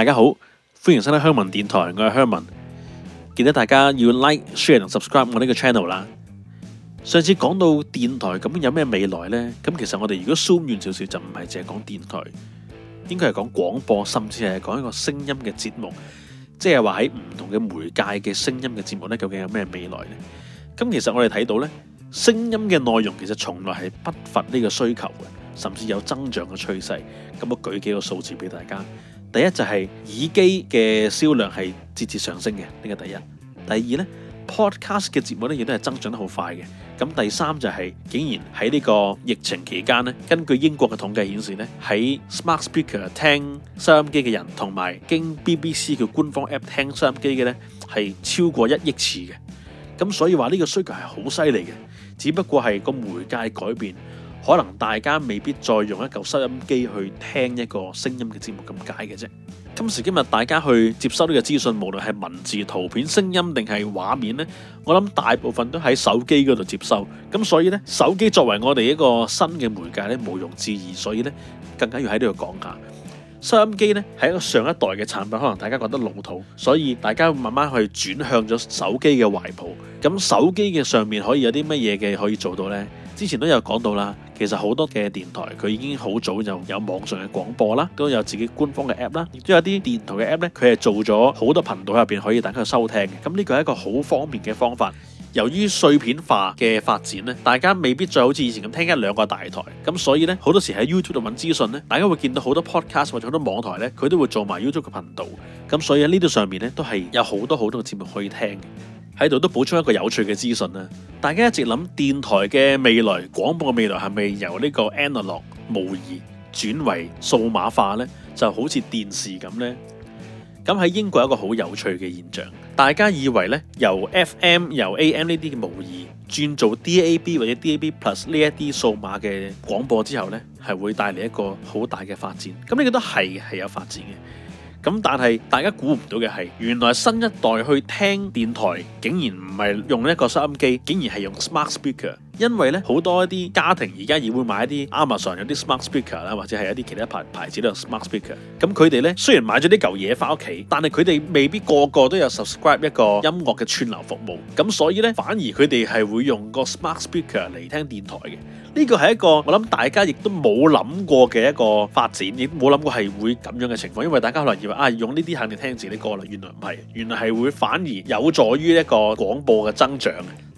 大家好，歡迎收睇鄉民電台，我係鄉民，記得大家要 like、share 同 subscribe 我呢個 channel 啦。上次講到電台咁有咩未來呢？咁其實我哋如果 zoom 遠少少，就唔係淨係講電台，應該係講廣播，甚至係講一個聲音嘅節目，即係話喺唔同嘅媒介嘅聲音嘅節目呢，究竟有咩未來呢？咁其實我哋睇到呢，聲音嘅內容其實從來係不乏呢個需求嘅，甚至有增長嘅趨勢。咁我舉幾個數字俾大家。第一就係耳機嘅銷量係節節上升嘅，呢個第一。第二呢，podcast 嘅節目呢亦都係增長得好快嘅。咁第三就係竟然喺呢個疫情期間呢，根據英國嘅統計顯示呢，喺 smart speaker 聽收音機嘅人同埋經 BBC 嘅官方 app 聽收音機嘅呢係超過一億次嘅。咁所以話呢個需求係好犀利嘅，只不過係個媒介改變。可能大家未必再用一嚿收音機去聽一個聲音嘅節目咁解嘅啫。今時今日大家去接收呢個資訊，無論係文字、圖片、聲音定係畫面呢，我諗大部分都喺手機嗰度接收。咁所以呢，手機作為我哋一個新嘅媒介呢，毋庸置疑。所以呢，更加要喺呢度講下收音機呢，係一個上一代嘅產品，可能大家覺得老土，所以大家慢慢去轉向咗手機嘅懷抱。咁手機嘅上面可以有啲乜嘢嘅可以做到呢？之前都有講到啦。其實好多嘅電台，佢已經好早就有，有網上嘅廣播啦，都有自己官方嘅 app 啦，亦都有啲電台嘅 app 咧，佢係做咗好多頻道入邊可以等佢收聽嘅。咁呢個係一個好方便嘅方法。由於碎片化嘅發展咧，大家未必再好似以前咁聽一兩個大台。咁所以咧，好多時喺 YouTube 度揾資訊咧，大家會見到好多 Podcast 或者好多網台咧，佢都會做埋 YouTube 嘅頻道。咁所以喺呢度上面咧，都係有好多好多嘅節目可以聽。喺度都補充一個有趣嘅資訊啦！大家一直諗電台嘅未來、廣播嘅未來係咪由呢個 analog 模擬轉為數碼化呢？就好似電視咁呢，咁喺英國有一個好有趣嘅現象，大家以為咧由 FM、由, M, 由 AM 呢啲嘅模擬轉做 DAB 或者 DAB Plus 呢一啲數碼嘅廣播之後呢，係會帶嚟一個好大嘅發展。咁你覺得係嘅，係有發展嘅。咁但係大家估唔到嘅係，原來新一代去聽電台，竟然唔係用一個收音機，竟然係用 Smart Speaker。因為咧，好多一啲家庭而家亦會買一啲 Amazon 有啲 Smart Speaker 啦，或者係一啲其他牌牌子都有 Smart Speaker。咁佢哋咧雖然買咗啲舊嘢翻屋企，但係佢哋未必個個都有 subscribe 一個音樂嘅串流服務。咁所以咧，反而佢哋係會用個 Smart Speaker 嚟聽電台嘅。呢個係一個我諗大家亦都冇諗過嘅一個發展，亦冇諗過係會咁樣嘅情況。因為大家可能以為啊，用呢啲肯定聽自己啲歌啦，原來唔係，原來係會反而有助於一個廣播嘅增長。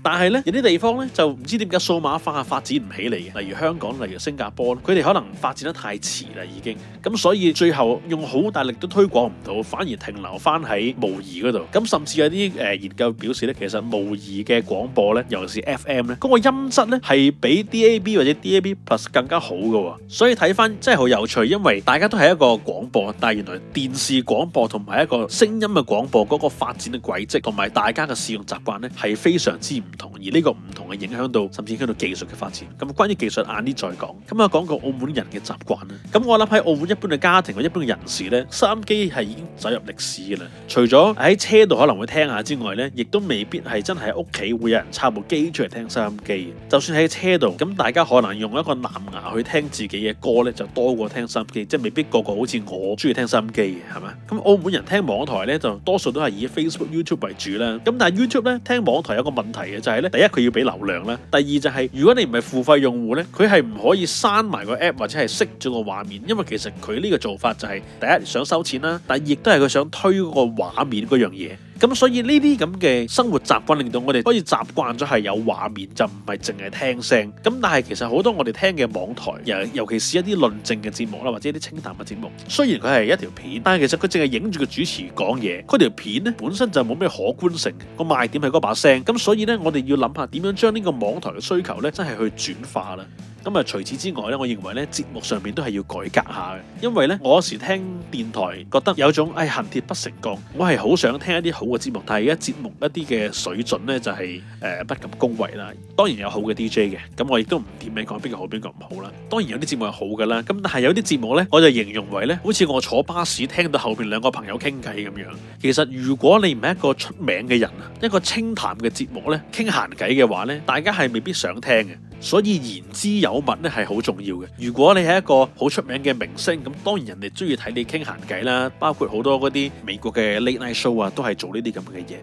但係咧，有啲地方咧就唔知點解數碼化發展唔起嚟嘅，例如香港，例如新加坡，佢哋可能發展得太遲啦已經，咁所以最後用好大力都推廣唔到，反而停留翻喺模擬嗰度。咁甚至有啲誒、呃、研究表示咧，其實模擬嘅廣播咧，尤其是 FM 咧，咁、那個音質咧係比 DAB 或者 DAB Plus 更加好嘅喎。所以睇翻真係好有趣，因為大家都係一個廣播，但係原來電視廣播同埋一個聲音嘅廣播嗰個發展嘅軌跡同埋大家嘅使用習慣咧係非常之唔。而同而呢個唔同嘅影響到，甚至影響到技術嘅發展。咁關於技術，晏啲再講。咁啊，講個澳門人嘅習慣啦。咁我諗喺澳門一般嘅家庭，或一般嘅人士呢，收音機係已經走入歷史嘅啦。除咗喺車度可能會聽下之外呢，亦都未必係真係喺屋企會有人插部機出嚟聽收音機。就算喺車度，咁大家可能用一個藍牙去聽自己嘅歌呢，就多過聽收音機，即係未必個個好似我中意聽收音機嘅，係咪？咁澳門人聽網台呢，就多數都係以 Facebook、YouTube 為主啦。咁但係 YouTube 呢，聽網台有個問題嘅。就係咧，第一佢要俾流量啦，第二就係、是、如果你唔係付費用戶咧，佢係唔可以刪埋個 app 或者係熄咗個畫面，因為其實佢呢個做法就係、是、第一想收錢啦，第二亦都係佢想推嗰個畫面嗰樣嘢。咁所以呢啲咁嘅生活習慣令到我哋可以習慣咗係有畫面就唔係淨係聽聲。咁但係其實好多我哋聽嘅網台，尤其是一啲論證嘅節目啦，或者一啲清淡嘅節目，雖然佢係一條片，但係其實佢淨係影住個主持講嘢。嗰條片咧本身就冇咩可觀性，個賣點係嗰把聲。咁所以呢，我哋要諗下點樣將呢個網台嘅需求呢真係去轉化啦。咁啊除此之外咧，我認為咧節目上面都係要改革下嘅，因為咧我時聽電台覺得有種誒，哎，恨鐵不成鋼，我係好想聽一啲好嘅節目，但係而家節目一啲嘅水準咧就係、是、誒、呃、不敢恭維啦。當然有好嘅 DJ 嘅，咁我亦都唔點名講邊個好邊個唔好啦。當然有啲節目係好嘅啦，咁但係有啲節目咧，我就形容為咧，好似我坐巴士聽到後邊兩個朋友傾偈咁樣，其實如果你唔係一個出名嘅人，一個清談嘅節目咧傾閒偈嘅話咧，大家係未必想聽嘅。所以言之有。口蜜咧係好重要嘅。如果你係一個好出名嘅明星，咁當然人哋中意睇你傾閒偈啦。包括好多嗰啲美國嘅 Late Night Show 啊，都係做呢啲咁嘅嘢。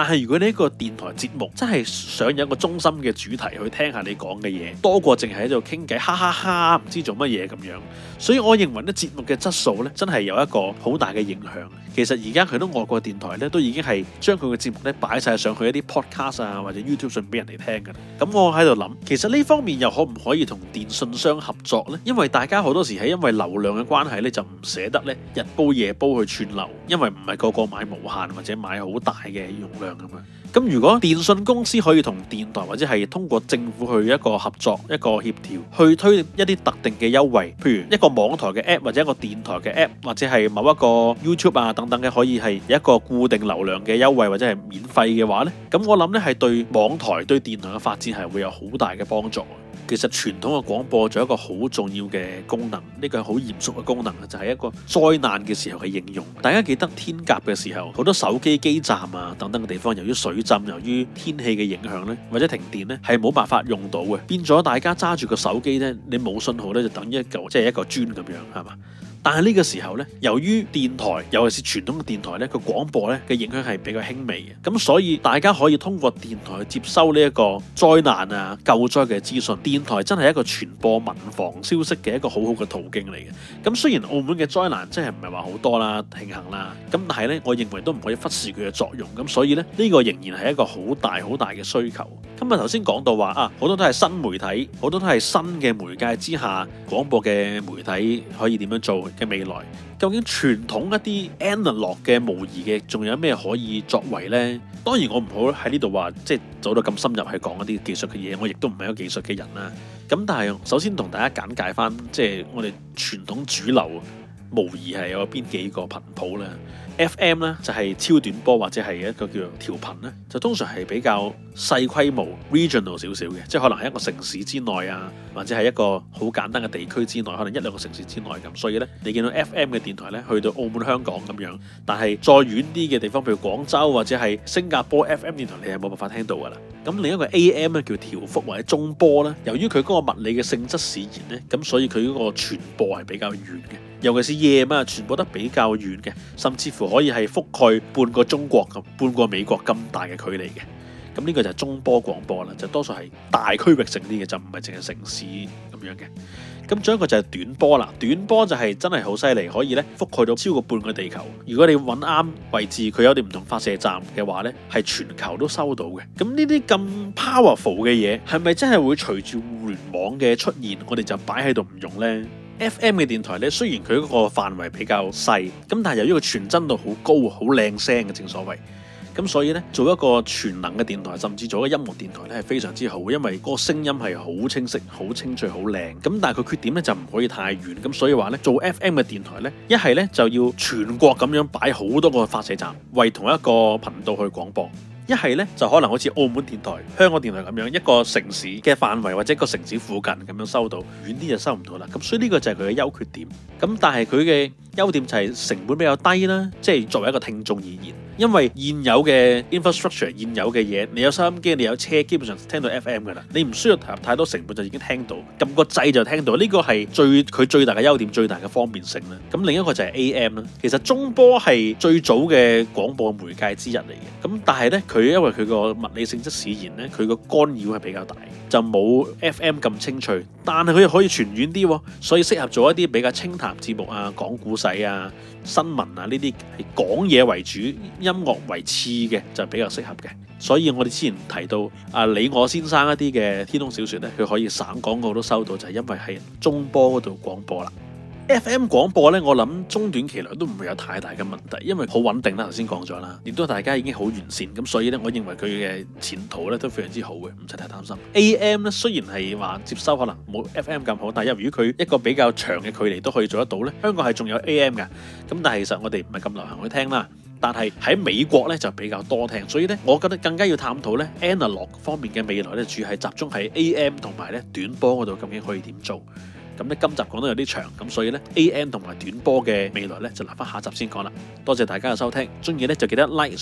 但係如果呢個電台節目真係想有一個中心嘅主題去聽下你講嘅嘢，多過淨係喺度傾偈，哈哈哈，哈，唔知做乜嘢咁樣。所以我認為呢節目嘅質素呢真係有一個好大嘅影響。其實而家佢都外國電台呢都已經係將佢嘅節目呢擺晒上去一啲 podcast 啊或者 YouTube 上俾人哋聽嘅。咁、嗯、我喺度諗，其實呢方面又可唔可以同電訊商合作呢？因為大家好多時係因為流量嘅關係呢，就唔捨得呢日煲夜煲去串流，因為唔係個個買無限或者買好大嘅容量。咁，如果電信公司可以同電台或者係通過政府去一個合作、一個協調，去推一啲特定嘅優惠，譬如一個網台嘅 app 或者一個電台嘅 app 或者係某一個 YouTube 啊等等嘅，可以係有一個固定流量嘅優惠或者係免費嘅話呢，咁我諗呢係對網台對電台嘅發展係會有好大嘅幫助。其實傳統嘅廣播仲有一個好重要嘅功能，呢個係好嚴肅嘅功能，就係一個災難嘅時候嘅應用。大家記得天甲嘅時候，好多手機基站啊等等嘅地方，由於水浸、由於天氣嘅影響呢，或者停電呢，係冇辦法用到嘅，變咗大家揸住個手機呢，你冇信號呢，就等於一嚿即係一個磚咁樣，係嘛？但係呢個時候呢，由於電台，尤其是傳統嘅電台呢，佢廣播呢嘅影響係比較輕微嘅，咁所以大家可以通過電台去接收呢一個災難啊、救災嘅資訊。電台真係一個傳播民防消息嘅一個好好嘅途徑嚟嘅。咁雖然澳門嘅災難真係唔係話好多啦，慶幸啦，咁但係呢，我認為都唔可以忽視佢嘅作用。咁所以呢，呢個仍然係一個好大好大嘅需求。今日頭先講到話啊，好多都係新媒體，好多都係新嘅媒介之下，廣播嘅媒體可以點樣做？嘅未來究竟傳統一啲 analogue 嘅模擬嘅，仲有咩可以作為呢？當然我唔好喺呢度話，即係走得咁深入去講一啲技術嘅嘢，我亦都唔係一個技術嘅人啦。咁但係首先同大家簡介返，即係我哋傳統主流模擬係有邊幾個頻譜咧？FM 咧就係、是、超短波或者係一個叫調頻咧，就通常係比較細規模，regional 少少嘅，即係可能係一個城市之內啊，或者係一個好簡單嘅地區之內，可能一兩個城市之內咁。所以咧，你見到 FM 嘅電台咧，去到澳門、香港咁樣，但係再遠啲嘅地方，譬如廣州或者係新加坡 FM 電台，你係冇辦法聽到噶啦。咁另一個 AM 咧叫調幅或者中波啦，由於佢嗰個物理嘅性質使然咧，咁所以佢嗰個傳播係比較遠嘅，尤其是夜晚傳播得比較遠嘅，甚至乎。可以係覆蓋半個中國咁、半個美國咁大嘅距離嘅，咁呢個就係中波廣播啦，就多數係大區域性啲嘅，就唔係淨係城市咁樣嘅。咁仲有一個就係短波啦，短波就係真係好犀利，可以咧覆蓋到超過半個地球。如果你揾啱位置，佢有啲唔同發射站嘅話呢，係全球都收到嘅。咁呢啲咁 powerful 嘅嘢，係咪真係會隨住互聯網嘅出現，我哋就擺喺度唔用呢？FM 嘅電台咧，雖然佢嗰個範圍比較細，咁但係由於佢傳真度好高，好靚聲嘅，正所謂，咁所以咧做一個全能嘅電台，甚至做一個音樂電台咧係非常之好，因為嗰個聲音係好清晰、好清脆、好靚。咁但係佢缺點咧就唔可以太遠，咁所以話咧做 FM 嘅電台咧，一係咧就要全國咁樣擺好多個發射站，為同一個頻道去廣播。一係呢，就可能好似澳門電台、香港電台咁樣，一個城市嘅範圍或者一個城市附近咁樣收到，遠啲就收唔到啦。咁所以呢個就係佢嘅優缺點。咁但係佢嘅優點就係成本比較低啦，即係作為一個聽眾而言，因為現有嘅 infrastructure、現有嘅嘢，你有收音機，你有車，基本上聽到 FM 㗎啦，你唔需要投入太多成本就已經聽到，撳個掣就聽到，呢、這個係最佢最大嘅優點，最大嘅方便性啦。咁另一個就係 AM 啦，其實中波係最早嘅廣播媒介之一嚟嘅，咁但係呢，佢因為佢個物理性質使然呢，佢個干擾係比較大，就冇 FM 咁清脆，但係佢又可以傳遠啲，所以適合做一啲比較清談節目啊、，講古啊，新聞啊呢啲係講嘢為主，音樂為次嘅就比較適合嘅。所以我哋之前提到啊，李我先生一啲嘅天空小說咧，佢可以省港澳都收到，就係、是、因為喺中波嗰度廣播啦。F.M. 廣播呢，我諗中短期嚟都唔會有太大嘅問題，因為好穩定啦，頭先講咗啦，亦都大家已經好完善，咁所以呢，我認為佢嘅前途呢都非常之好嘅，唔使太擔心。A.M. 呢，雖然係話接收可能冇 F.M. 咁好，但係由於佢一個比較長嘅距離都可以做得到呢，香港係仲有 A.M. 嘅，咁但係其實我哋唔係咁流行去聽啦，但係喺美國呢就比較多聽，所以呢，我覺得更加要探討呢 Analog 方面嘅未來呢，主要係集中喺 A.M. 同埋呢短波嗰度，究竟可以點做？咁今集講得有啲長，咁，所以呢，AM 同埋短波嘅未來呢，就留返下集先講啦。多謝大家嘅收聽。鍾意呢，就記得 like。